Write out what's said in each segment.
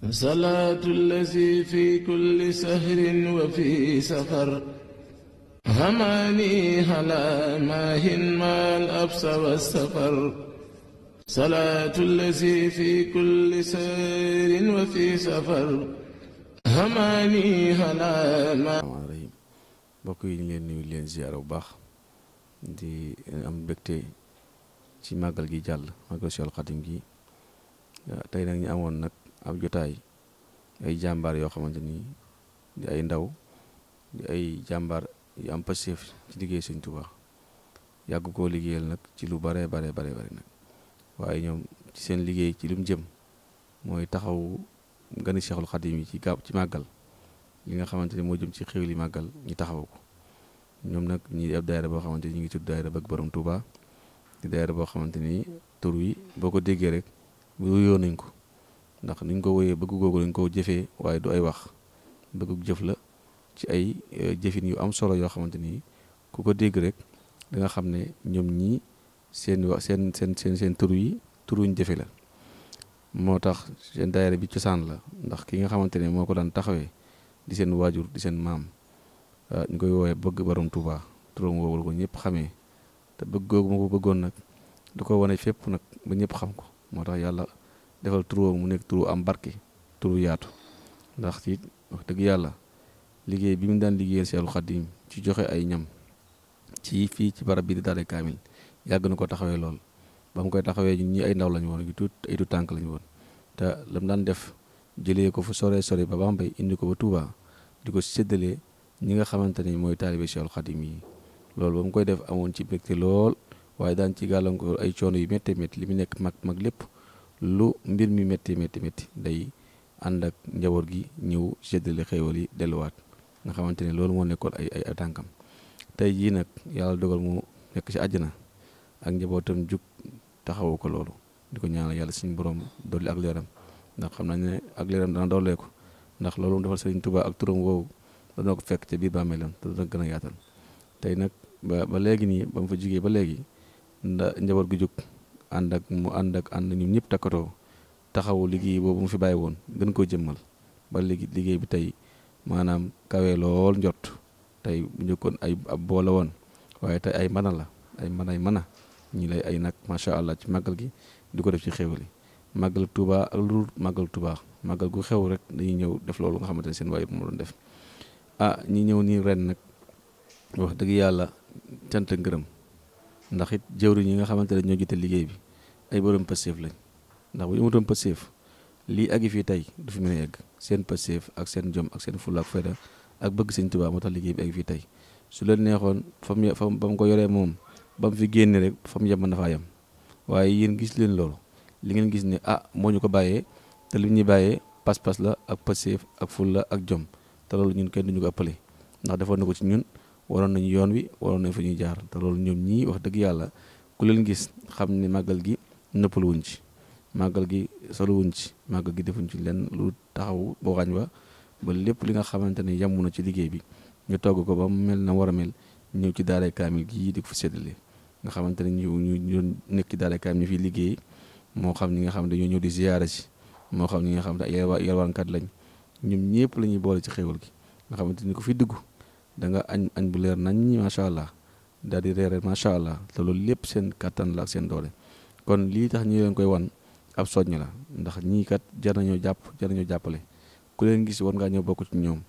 صلاة الذي في كل سهر وفي سفر هماني هلا ماهن ما الأبس والسفر صلاة الذي في كل سهر وفي سفر هماني هلا ما mbokk yi ñu leen nuyu leen ziyaara bu baax di am mbégte ci màggal gi jàll màggal Seexul Xaadim gi tey nag ñu amoon nag ab jotaay ay jàmbaar yoo xamante ni ay ndaw ay jàmbaar yu am passeef ci liggéey Sëñ Tuubaa yàgg koo liggéeyal nag ci lu bare bare bare bare nag waaye ñoom ci seen liggéey ci lu mu jëm mooy taxaw gani Seexul Xadim yi ci gaaw ci màggal li nga xamante ni moo jëm ci xéwli màggal ñu taxaw ko ñoom nag ñi ab boo xamante ni ñu ngi tudd daayira Bëgg Borom Touba di daayira boo xamante ni tur wi boo ko déggee rek wuyoo nañ ko ndax niñ ko woyee bëgg googu dañ koo jëfee waaye du ay wax bëggug jëf la ci ay euh, jëfin yu am solo yoo xamante ni ku ko dégg rek danga xam ne ñoom ñii seen wax seen seen seen seen turu yi turuñ jëfe la moo tax seen daayira bi cosaan la ndax ki nga xamante ne moo ko daan taxawee di seen waajur di seen maam euh, ñu koy woowee bëgg borom Tuuba turam woowul ko ñëpp xamee te bëgg googu ma ko bëggoon nag du ko wane fépp nag ba ñëpp xam ko moo tax yàlla defal turu mu nekk turu am barke turu yaatu ndax it wax dëgg yàlla liggéey bi mu daan liggéeyal Seexul Xadiim ci joxe ay ñam ci fii ci barab bi di daare kaamil yàgg na ko taxawee lool ba mu koy taxawee ñun ñi ay ndaw lañu woon tuut ay tuut tànk lañu woon te lam daan def jëlee ko fu sore sore ba Bambey indi ko ba di ko séddalee ñi nga xamante ni mooy taalibe Seexul Xadiim yi loolu ba mu koy def amoon ci mbégte lool waaye daan ci gàllankoor ay coono yu méttee métti li mu nekk mag mag lépp lu mbir mi métti métti métti day ànd ak njaboot gi ñëw séddale xéewal yi delluwaat nga xamante ne loolu moo nekkoon ay ay tànkam tey jii nag yàlla dogal mu nekk ci àjjana ak njabootam jug taxawu ko loolu di ko ñaanal yàlla suñu borom dolli ak leeram ndax xam nañ ne ak leeram dana doolee ko ndax loolu mu defal Sëriñ Tuubaa ak turam woowu dana ko fekk te biir bàmmeelam te dana gën a yaatal tey nag ba ba léegi nii ba fa jugee ba léegi nda njaboot gi jóg ànd ak mu ànd ak ànd ñun ñëpp takkatoo taxawu liggéey boobu mu fi bàyyi woon gën koo jëmmal ba léegi liggéey bi tey maanaam kawee lool njot tey bu njëkkoon ay ab boole woon waaye tey ay mana la ay man ay mana ñi lay ay nag macha allah ci màggal gi di ko def ci xéwal yi màggal Tuuba ak lu màggal Tuuba màggal gu xew rek dañuy ñëw def loolu nga xamante ne seen waayut moo doon def ah ñi ñëw nii ren nag wax dëgg yàlla cant ngërëm ndax it jëwriñ yi nga xamante ne ñoo jiite liggéey bi ay borom passeef lañ ndax bu ñu amutoon passeef lii agi fii tey du fi mën a egg seen passeef ak seen jom ak seen fulla ak fayda ak bëgg sëñ Tuubaa moo tax liggéey bi agi fii tey su leen neexoon fa mu fa ba mu ko yoree moom ba mu fi génne rek fa mu yem mën na faa yem waaye yéen gis leen loolu li ngeen gis ni ah moo ñu ko bàyyee te li ñuy bàyyee pas-pas la ak passeef ak fulla ak jom te loolu ñun kenn ñu ko ëppale ndax defoon na ko ci ñun waroon nañu yoon wi waroon nañ fa ñuy jaar te loolu ñoom ñii wax dëgg yàlla ku leen gis xam ni màggal gi nëppaluwuñ ci màggal gi soluwuñ ci màggal gi defuñ ci lenn lu taxaw ba waañ ba ba lépp li nga xamante ne yemmu ci liggéey bi ñu togg ko ba mu mel na war a mel ñëw ci daaray kaamil yii di ko fi séddale nga xamante ne ñu ñu doon nekk ci daaray kaamil ñu fi liggéey moo xam ñi nga xam ne dañoo ñëw di ziyaara si moo xam ñi nga xam ne ay yelwaankat lañ ñoom ñëpp la boole ci xéewal gi da nga añ añ bu leer nañ macha allah daal di reere macha allah te loolu lépp seen kàttan la ak seen doole kon lii tax ñu leen koy wan ab soññ la ndax ñii kat jar nañoo jàpp jar nañoo jàppale ku leen gis war ngaa ñëw bokk ñoom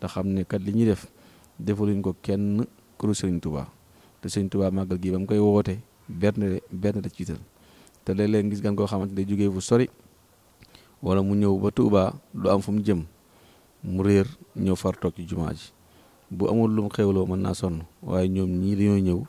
te xam ne kat li ñuy def defaluñ ko kenn kuru Serigne Touba te Serigne tubaa màggal gi ba mu koy woote benn benn da ci te léeg-léeg gis gan koo xamante day jógee fu sori wala mu ñëw ba Touba du am fu mu jëm mu réer ñëw far toog ci bu amul lum xewloo mën naa sonn waaye ñoom ñii dañoo ñëw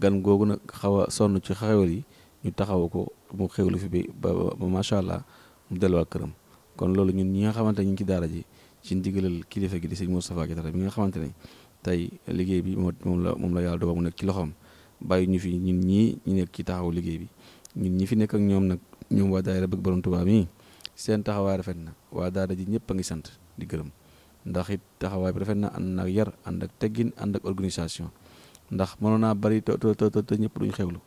gan googu nag xaw a sonn ci xewal yi ñu taxaw ko mu xewlu fi ba ba macha allah mu delluwaat këram kon loolu ñun ñi nga xamante ñu ngi ci daara ji ci ndigalal kilifa gi di sëñ Moustapha Diattara bi nga xamante ne tey liggéey bi moom moom la yàlla dogal mu ci loxoom bàyyi ñu fi ñun ñii ñu nekk ci taxaw liggéey bi ñun ñi fi nekk ak ñoom nag ñoom waa daayira bëgg borom Tuubaa mi seen taxawaay rafet na waa daada ji ñëpp a ngi sant di gërëm ndax it taxawaay bi rafet na ànd nag yar ànd ak teggin ànd ak organisation ndax mënoon naa bari te te te ñëpp duñ xewlu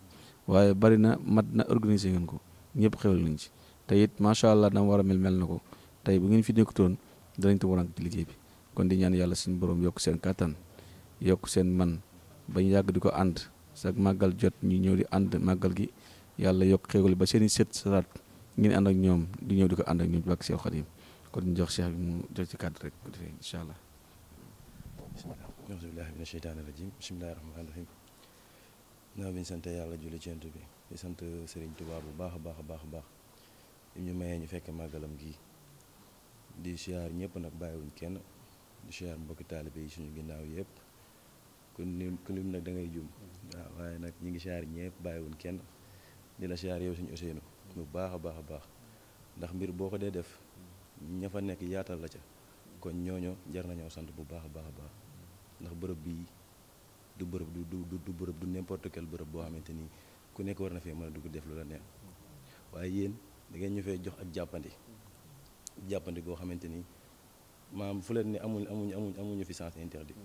waaye bari na mat na organisé ngeen ko ñëpp xewlu nañ ci te it macha allah dama war a mel mel na ko tey bu ngeen fi nekkutoon danañ te warank ci liggéey bi kon di ñaan yàlla suñu borom yokk seen kàttan yokk seen man bañ yàgg di ko ànd sax màggal jot ñu ñëw di ànd màggal gi yàlla yokk li ba seen i set salaat ngeen ànd ak ñoom di ñëw di ko ànd ak ñoom ci bàkk Seex kon jox cheikh bi mu jox ci kàddu rek defee incha allah bismillah auzu billahi mina sheytaani rajim bismillahi rahmaani rahim naa bi ñu sant yàlla julli ci bi di sant seriñ Touba bu baax a baax baax a baax im ñu mayee ñu fekk màggalam gii di siyaar ñëpp nag bàyyiwuñ kenn di siyaar mbokki taalibe yi suñu ginnaaw yëpp ku lim ku lim nag da waaye nag ñi ngi siyaar ñëpp bàyyiwuñ kenn di la siyaar yow suñu Ousseynou bu baax a baax a baax ndax mbir boo ko dee def ña fa nekk yaatal la ca kon ñooño jar nañoo sant bu baax baax a baax ndax bërëb bii du bërëb du du du bërëb du n'importe quel bërëb boo xamante ni ku nekk war na fee mën a def lu la neex waaye yéen da ngeen ñu jox ak jàppandi jàppandi boo xamante ni maam fu leen ne amuñ amuñ amuñ amuñu fi sens interdit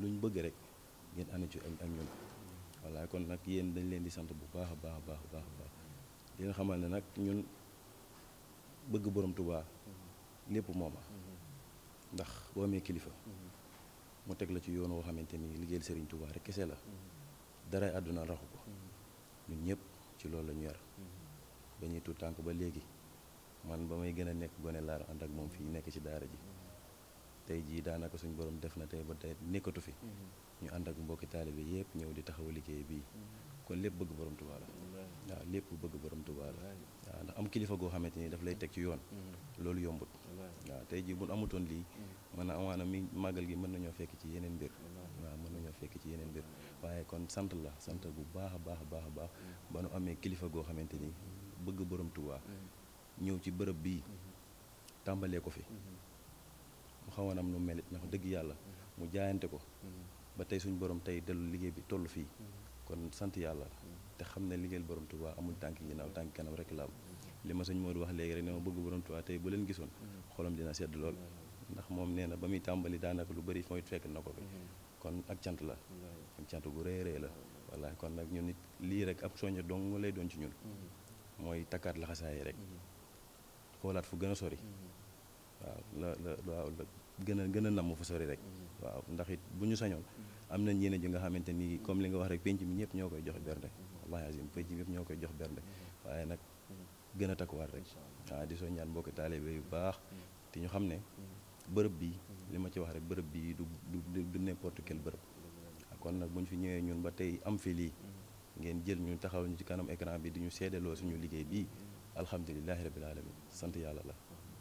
luñ bëgg rek ngeen ànd ci ak ñun voilà kon nag yéen dañ leen di sant bu baax a baax a baax baax di xamal ne nag ñun. bëgg borom tubaa lépp mooma ndax boo amee kilifa mu teg la ci yoon woo xamante ni liggéeyal sëriñ tubaa rek kese la dara àdduna raxu ko ñun ñëpp ci loolu lañu ñu yar ba ñuy tuut tànk ba léegi man ba may gën a nekk gone laa ànd ak moom fii nekk ci daara ji tey jii daanaka suñ boroom def na tey ba tey nekkatu fi ñu ànd ak mbokki taalibe yëpp ñëw di taxaw liggéey bii kon lépp bëgg borom tubaa la waaw lépp bëgg borom tubaa la kilifa goo xamante ni daf lay teg ci yoon. Mm-hmm. loolu yombut. waaw tey jii bu amutoon lii. mën mm-hmm. na amaana mi màggal gi mën nañoo fekk ci yeneen mbir. mën nañoo fekk ci yeneen mbir waaye kon sant la sant bu baax a baax a baax a baax. Mm-hmm. ba nu amee kilifa goo xamante ni bëgg borom Tuubaa. ñëw ci bërëb bii. tàmbalee ko fi. mu xawoon am nu melit ndax dëgg yàlla. mu jaayante ko. ba tey suñu borom tey dellu liggéey bi toll fii. kon sant yàlla. te xam ne liggéeyal borom Tuubaa amul tànk yi ginnaaw tànk kanam rek la li ma sëñ Modou wax léegi rek ne ma bëgg borom Tuubaa tey bu leen gisoon xolam dina sedd lool ndax moom nee na ba muy tàmbali daanaka lu bëri mooy fekk na ko kon ak cant la ak cant bu rëy rëy la wallaahi kon nag ñun nit lii rek ab soññe dong lay doon ci ñun mooy takkaat laxasaay rek xoolaat fu gën a sori waaw la la gën a gën a namm fa sori rek waaw ndax it bu ñu sañoon am na ñeneen ji nga xamante ni comme li nga wax rek penc mi ñëpp ñoo koy jox bernde wallahi azim penc ñoo koy jox bernde waaye nag gën a takkuwaat rek waaw di soo ñaan mbokki taalibe yu baax te ñu xam ne bërëb bi li ma ci wax rek bërëb bi du du du bërëb ah, kon nag bu fi ñëwee ñun ba tey am fi lii ngeen jël ñu taxaw ci kanam écran bi di ñu seedeloo suñu liggéey bii alhamdulilahi rabil alamin sant yàlla la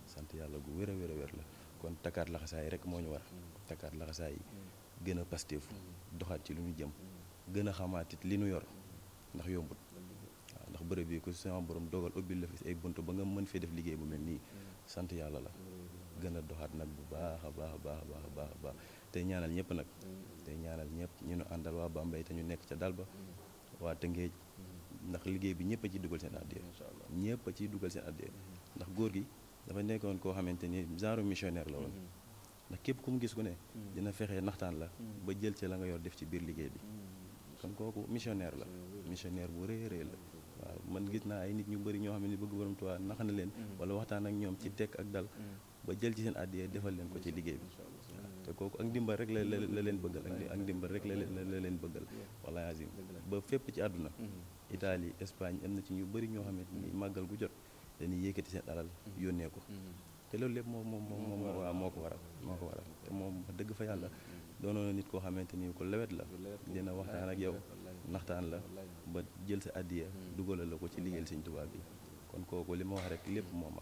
sant yàlla gu wér a wér a la kon takkaat laxasaay rek moo ñu war takkaat laxasaay gën a pasteefu doxaat ci lu ñu jëm gën a xamaatit li ñu yor ndax yombut ndax bërëb yi ko sama borom dogal ubbil la fi ay bunt ba nga mën fee def liggéey bu mel nii mm. sant yàlla la mm. gën a doxaat nag bu baax a baax a baax a baax a baax tey ñaanal ñëpp nag mm. tey ñaanal ñëpp ñu nu àndal waa Bambey te ñu nekk ca dal ba waa Tëngéej ndax liggéey bi ñëpp a ciy dugal seen addiya ñëpp a ciy dugal seen addiya ndax góor gi dafa nekkoon koo xamante ni genre missionnaire la woon ndax képp ku mu gis ku ne dina fexe naxtaan la ba jël ci la nga yor def ci biir liggéey bi kon kooku missionnaire la missionnaire bu rëy rëy la man gis naa ay nit ñu bëri ñoo xam ne bëgg borom Tuubaa nax na leen mm-hmm. wala waxtaan ak ñoom ci mm-hmm. tekk ak dal mm-hmm. ba jël ci seen àddiyee defal leen ko ci liggéey bi te kooku ak ndimbal rek la la leen bëggal ak ndimbal rek la la leen bëggal wala azim ba fépp ci àdduna Italie Espagne am na ci ñu bëri ñoo xamante ni màggal gu jot dañuy yëkkati seen alal yónnee ko te loolu lépp moom moom moom waaw moo ko waral moo ko moom dëgg fa yàlla doonoon na nit koo xamante ni ko lewet la dina waxtaan ak yow naxtaan la ba jël sa addiya hmm. dugalal la ko ci liggéeyal Sëñ Tuubaa bi kon kooku li ma wax rek lépp mooma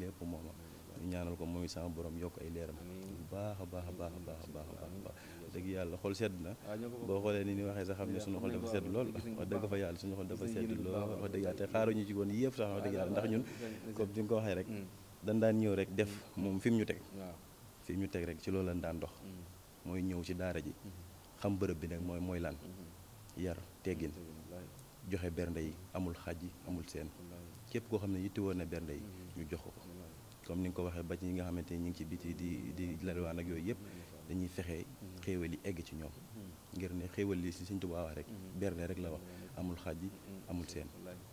lépp mooma ñu ñaanal ko mooy sama borom yokk ay leeram bu baax a baax a baax baax baax a baax dëgg yàlla xol sedd na boo xoolee ni ni waxee sax xam ne suñu xol dafa sedd lool wax dëgg fa yàlla suñu xol dafa sedd nga ko waxee rek hmm. dañ daan ñëw rek def moom fi mu ñu teg fi ñu teg rek ci loolu lañ daan dox hmm. mooy ñëw ci daara ji xam bërëb bi nag mooy mooy lan yar teggin joxe bernde yi amul xaj yi amul seen képp koo xam ne woon na bernde yi ñu jox ko comme ni nga ko waxee ba ci ñi nga xamante ni ñu ngi ci biti di di lalwaan ak yooyu yëpp dañuy fexe xéewal yi egg ci ñoom ngir ne xéewal li si suñ Tuubaa wax rek bernde rek la wax amul xaj yi amul seen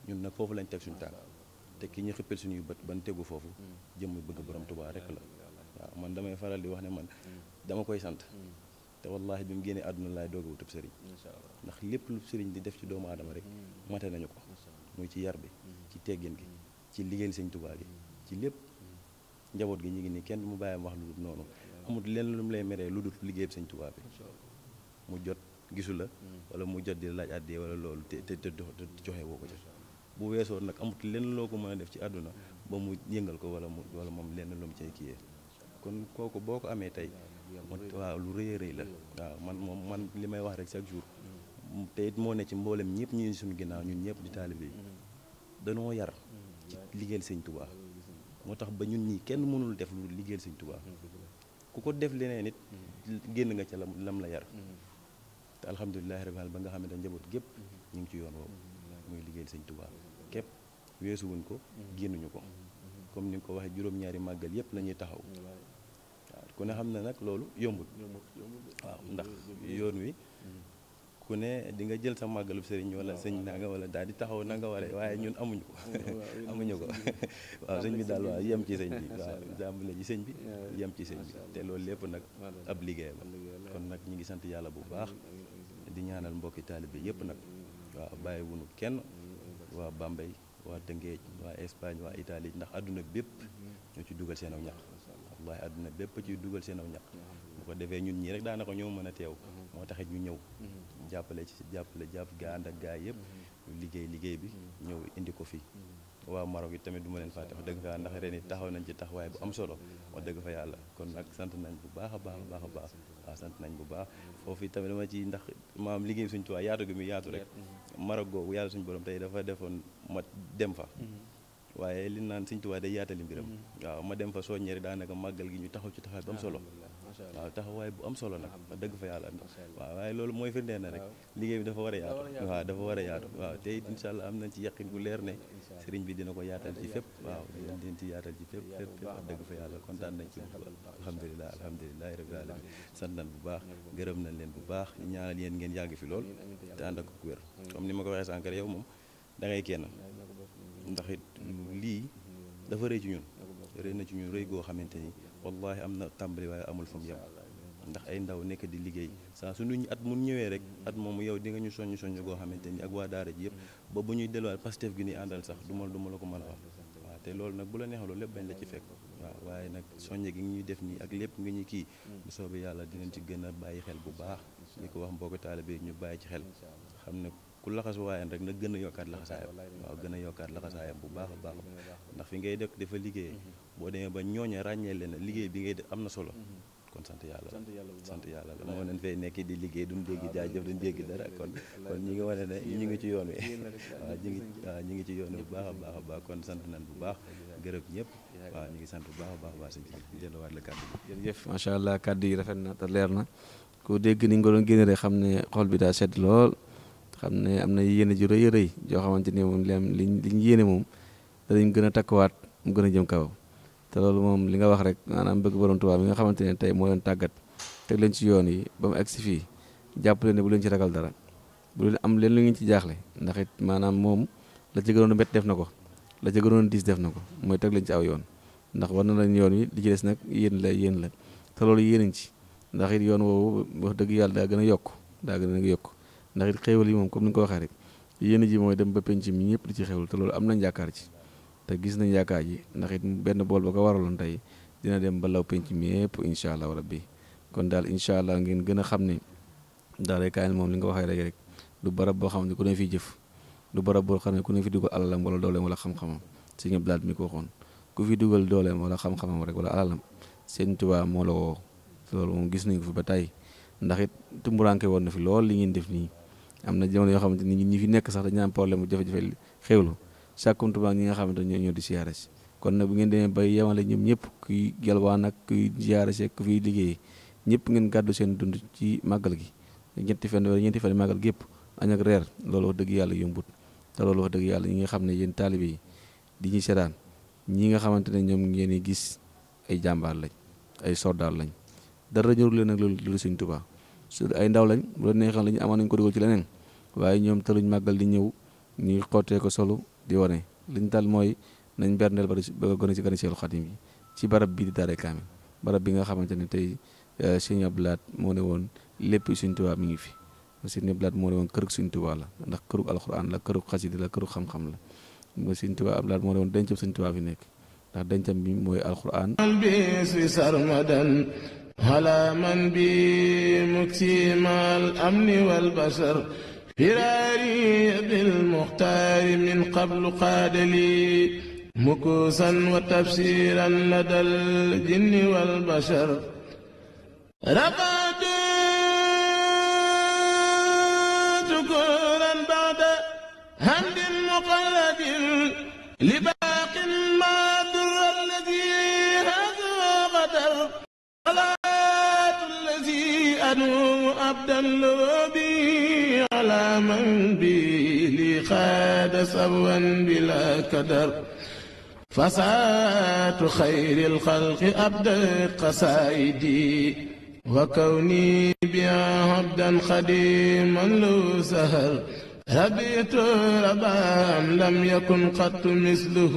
ñun nag foofu lañ teg suñu tànk te ki ñu xëppal suñuy bët ban tegu foofu jëmm bëgg borom Tuubaa rek la waaw man damay faral di wax ne man dama koy sant te wallaahi bi mu génnee àdduna laay doog a wutub sëriñ ndax lépp lu sëriñ di def ci doomu aadama rek mm. mate nañu ko muy ci yar bi mm. ci teggin gi mm. ci liggéeyal sëñ Tuubaa gi ci lépp njaboot gi ñu ngi nii kenn mu bàyyam wax lu dul noonu amut lenn lu mu lay meree lu dul liggéeyam sañ Tuubaa bi mu jot gisu la wala mu jot di laaj àddee wala loolu te te te joxe woo ko ca bu weesoo nag amut lenn loo ko mën a def ci àdduna ba mu yëngal ko wala mu wala moom lenn lu mu cay kiyee kon kooku boo ko amee tey waaw lu rëy a la man moom man li may wax rek chaque jour te it moo ne ci mbooleem ñëpp ñu suñu ginnaaw ñun ñëpp di taalibe yi mm-hmm. danoo yar mm-hmm. ci liggéeyal sëñ Tuubaa moo tax ba ñun ñii kenn mënul def lu liggéeyal sëñ Tuubaa mm-hmm. ku ko def leneen it génn nga ca lam lam la yar te alhamdulilahi rabbil ba nga xam ne da njaboot gépp ñu ngi ci yoon woowu muy liggéeyal sëñ Tuubaa képp weesuwuñ ko génnuñu ko comme ni nga ko waxee juróom-ñaari màggal yëpp lañuy taxaw waaw ku ne xam ne nag loolu yombul waaw ndax yoon wi ku ne di nga jël sa màggalu sëriñ wala sëñ naa nanga wala daal di taxaw na nga waaye ñun amuñu ko amuñu ko waaw sëñ bi daal waaw yem ci sëñ bi waaw jàmbale ji sëñ bi yem ci sëñ te loolu lépp nag ab liggéeyam kon nag ñi ngi sant yàlla bu baax di ñaanal mbokki taalibe yëpp nag waaw bàyyi wunu kenn mm-hmm. waa Bambey waa Tëngéej waa Espagne waa itali ndax àdduna bépp mm-hmm. ñoo ci dugal seen aw ñax wallaahi àdduna bépp ci dugal seen aw ñax mm-hmm. bu ko defee ñun ñii rek daanaka ñoo mën a teew moo taxit ñu ñëw jàppale ci jàppale jàpp gaa ànd ak gaa yëpp liggéey liggéey bi ñëw indi ko fii waaw Maroc yi tamit du ma leen fàtte wax dëgg fa yàlla ndax ren it taxaw nañ ci taxawaay bu am solo wax dëgg fa yàlla a a baax a baax waaw sant nañ bu baax foofu tamit dama ci ndax maam liggéey suñ tuwaa yaatu gi muy yaatu rek mhm. Maroc googu yàlla suñu borom tey dafa defoon ma dem fa mhm. waaye li naan suñ tuwaa day yaatali mbiram mhm. waaw ma dem fa sooññeeri daanaka màggal gi ñu taxaw ci taxawaay bu am solo waaw taxawaay bu am solo nag wax dëgg fa yàlla waaw waaye loolu mooy firndee na rek liggéey bi dafa war a yaatu waaw dafa war a yaatu waaw te it allah am nañ ci yaqin bu leer ne sëriñ bi dina ko yaatal ci fépp waaw dina ci yaatal ci fépp fépp fépp wax dëgg fa yàlla kontaan nañ ci alhamdulilah alhamdulilahi rabbil alamin sant bu baax gërëm nañ leen bu baax ñaanal yéen ngeen yàgg fi lool te ànd ko waxee sànq yow moom da ngay kenn ndax it lii dafa rëy ci ñun rëy na ci ñun rëy goo xamante ni wallahi am na tàmbali waaye amul fu mu yem ndax ay ndaw nekk di liggéey saa su ñu at mun ñëwee rek at moom yow di nga ñu soññ soññ goo xamante ni ak waa daara ji yëpp ba bu ñuy delluwaat Pastef gi ni àndal sax duma ma du ma la ko mën a wax waaw te loolu nag bu la neexaloo lépp bañ la ci fekk waaw waaye nag soññe gi ngi ñuy def nii ak lépp ngi ñu kii bu soobee yàlla dinañ ci gën a bàyyi xel bu baax ñu ko wax mbokk taalibe ñu bàyyi ci xel xam ne ku laxas waayam rek na gën a yokkaat laxasaayam waaw gën a yokkaat laxasaayam bu baax a baax ndax fi ngay def dafa liggéey boo demee ba ñooña ràññee leen liggéey bi ngay def am na solo kon sant yàlla sant yàlla la moo leen fay nekk di liggéey duñ dégg jaajëf duñ dégg dara kon kon ñi ngi wane ne ñi ngi ci yoon wi waaw ñi ngi waaw ngi ci yoon wi bu baax a baax a baax kon sant bu baax gërëm ñëpp waaw ñu ngi sant bu baax baax baax bi delluwaat la kàddu bi jërëjëf macha allah kàddu yi rafet na te na ku dégg ni nga doon génne xam ne xol bi daa sedd lool xam ne am na yéene ju rëy a rëy yoo xamante ni moom li am liñ yéene moom danañ gën a takkuwaat mu gën a jëm kaw te loolu moom li nga wax rek maanaam bëgg borom Tuubaa bi nga xamante ne tey moo leen tàggat teg leen ci yoon yi ba mu egg si fii jàpp leen ne bu leen ci ragal dara bu leen am leen lu ngeen ci jaaxle ndax it maanaam moom la ci gënoon a métti def na ko la ci gënoon a diis def na ko mooy teg leen ci aw yoon ndax war na lañ yoon yi li ci nag yéen la yéen la te loolu yéenañ ci ndax it yoon woowu wax dëgg yàlla daa gën a yokk daa gën a yokk ndax it yi moom comme ni nga ko waxee rek yéen ji mooy dem ba penc mi ñëpp di ci xewul te loolu am nañ yaakaar ci te gis nañ yaakaar ji ndax it benn bool ba ko waraloon tey dina dem ba law penc mi yëpp incha allah rabbi kon daal incha allah ngeen gën a xam ne daal rek moom li nga waxee rek rek du barab boo xam ne ku ne fi jëf du barab boo xam ne ku ne fi dugal alalam wala dooleem wala xam-xamam si ñëpp daal mi ku fi dugal dooleem wala xam-xamam rek wala alalam seen tubaab moo la loolu moom gis nañ ko ba tey ndax it tumburanke woon na fi lool li ngeen def nii. am na jamono yoo xamante ni ñi fi nekk sax dañu am problème bu jafe-jafe xewlu sàkkumtuma ñi nga xamante ne kon nag bu ngeen demee bay yemale ñoom ñëpp kuy gelwaan ak kuy siyaare si ak ku fiy liggéey ñëpp ngeen gàddu seen dund ci màggal gi ñetti fan wala ñetti fan màggal gi yëpp añ ak reer loolu dëgg yàlla yombut te dëgg yàlla ñi nga xam ne yéen taalibe yi di ñuy seetaan ñi nga xamante ne ñoom ngeen gis ay jàmbaar lañ ay soldaar lañ dara ñorul leen nag loolu loolu Sëñ Tuubaa su ay ndaw lañ bu la neexal la ñu amoon nañ ko dugal ci leneen waaye ñoom tëluñ màggal di ñëw ñuy xottee ko solo di wane liñ daal mooy nañ berndeel ba gone ci gane Seexul Xadim yi ci barab bii di Daaray Kaamil barab bi nga xamante ne tey euh, Sëñ Abdu Lahat moo ne woon lépp Sëñ Tuubaa mi ngi fi Sëñ Abdu Lahat moo ne woon kërug Sëñ Tuubaa la ndax kërug alxuraan la kërug xasida la kërug xam-xam la Sëñ Tuubaa Abdu Lahat moo ne woon dencam Sëñ Tuubaa fi nekk ndax dencam bi mooy alxuraan bi si sarmadan هلا من بي مكسيم الأمن والبصر فراري بالمختار من قبل قاد لي مكوسا وتفسيرا لدى الجن والبشر رقدت كورا بعد هند مقلد لبا صلى وبي على من بي لي خاد سبوا بلا كدر فساة خير الخلق أبدت قصائدي وكوني بها عبدا خديما لو سهر ربيت ربا لم يكن قط مثله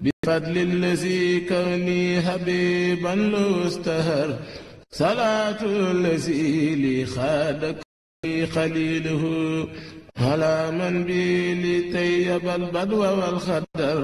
بفضل الذي كوني حبيبا لو استهر salaatu lazi li xaadak xaliluhu ala man bi li tayyabal badwa wal xadar